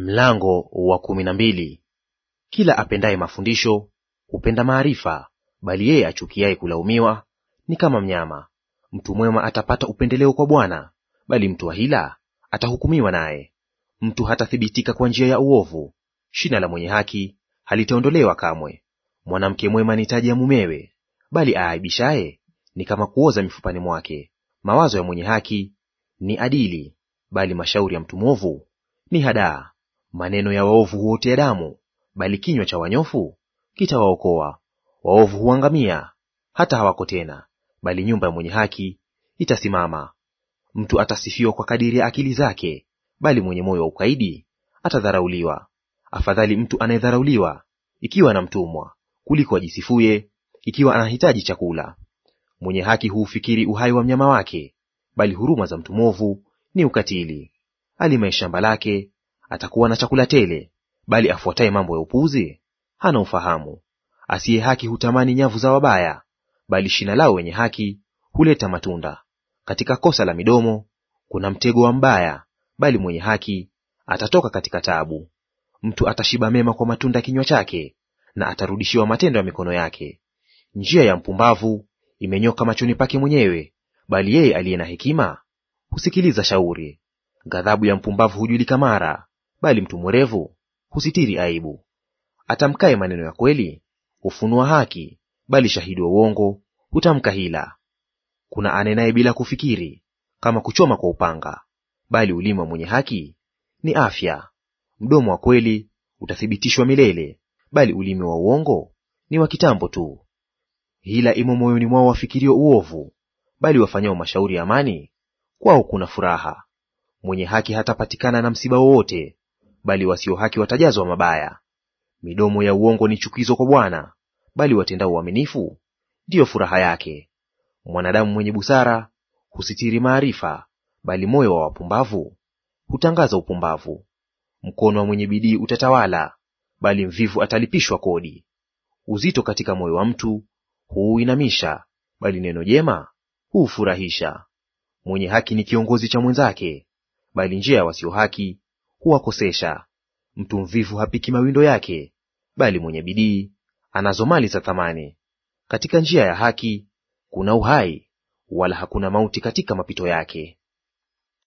Mlango wa kumi na mbili. Kila apendaye mafundisho hupenda maarifa, bali yeye achukiaye kulaumiwa ni kama mnyama. Mtu mwema atapata upendeleo kwa Bwana, bali mtu wa hila atahukumiwa naye. Mtu hatathibitika kwa njia ya uovu, shina la mwenye haki halitaondolewa kamwe. Mwanamke mwema ni taji ya mumewe, bali aaibishaye ni kama kuoza mifupani mwake. Mawazo ya mwenye haki ni adili, bali mashauri ya mtu mwovu ni hadaa. Maneno ya waovu huotea damu, bali kinywa cha wanyofu kitawaokoa. Waovu huangamia hata hawako tena, bali nyumba ya mwenye haki itasimama. Mtu atasifiwa kwa kadiri ya akili zake, bali mwenye moyo wa ukaidi atadharauliwa. Afadhali mtu anayedharauliwa ikiwa na mtumwa, kuliko ajisifuye ikiwa anahitaji chakula. Mwenye haki huufikiri uhai wa mnyama wake, bali huruma za mtu mwovu ni ukatili. Alimaye shamba lake atakuwa na chakula tele, bali afuataye mambo ya upuzi hana ufahamu. Asiye haki hutamani nyavu za wabaya, bali shina lao wenye haki huleta matunda. Katika kosa la midomo kuna mtego wa mbaya, bali mwenye haki atatoka katika taabu. Mtu atashiba mema kwa matunda kinywa chake, na atarudishiwa matendo ya mikono yake. Njia ya mpumbavu imenyoka machoni pake mwenyewe, bali yeye aliye na hekima husikiliza shauri. Ghadhabu ya mpumbavu hujulika mara, bali mtu mwerevu husitiri aibu. Atamkaye maneno ya kweli hufunua haki, bali shahidi wa uongo hutamka hila. Kuna anenaye bila kufikiri, kama kuchoma kwa upanga, bali ulimi wa mwenye haki ni afya. Mdomo wa kweli utathibitishwa milele, bali ulimi wa uongo ni wa kitambo tu. Hila imo moyoni mwao wafikirio uovu, bali wafanyao mashauri ya amani, kwao kuna furaha. Mwenye haki hatapatikana na msiba wowote, bali wasio haki watajazwa mabaya. Midomo ya uongo ni chukizo kwa Bwana, bali watenda uaminifu ndiyo furaha yake. Mwanadamu mwenye busara husitiri maarifa, bali moyo wa wapumbavu hutangaza upumbavu. Mkono wa mwenye bidii utatawala, bali mvivu atalipishwa kodi. Uzito katika moyo wa mtu huuinamisha, bali neno jema huufurahisha. Mwenye haki ni kiongozi cha mwenzake, bali njia ya wasio haki huwakosesha. Mtu mvivu hapiki mawindo yake, bali mwenye bidii anazo mali za thamani. Katika njia ya haki kuna uhai, wala hakuna mauti katika mapito yake.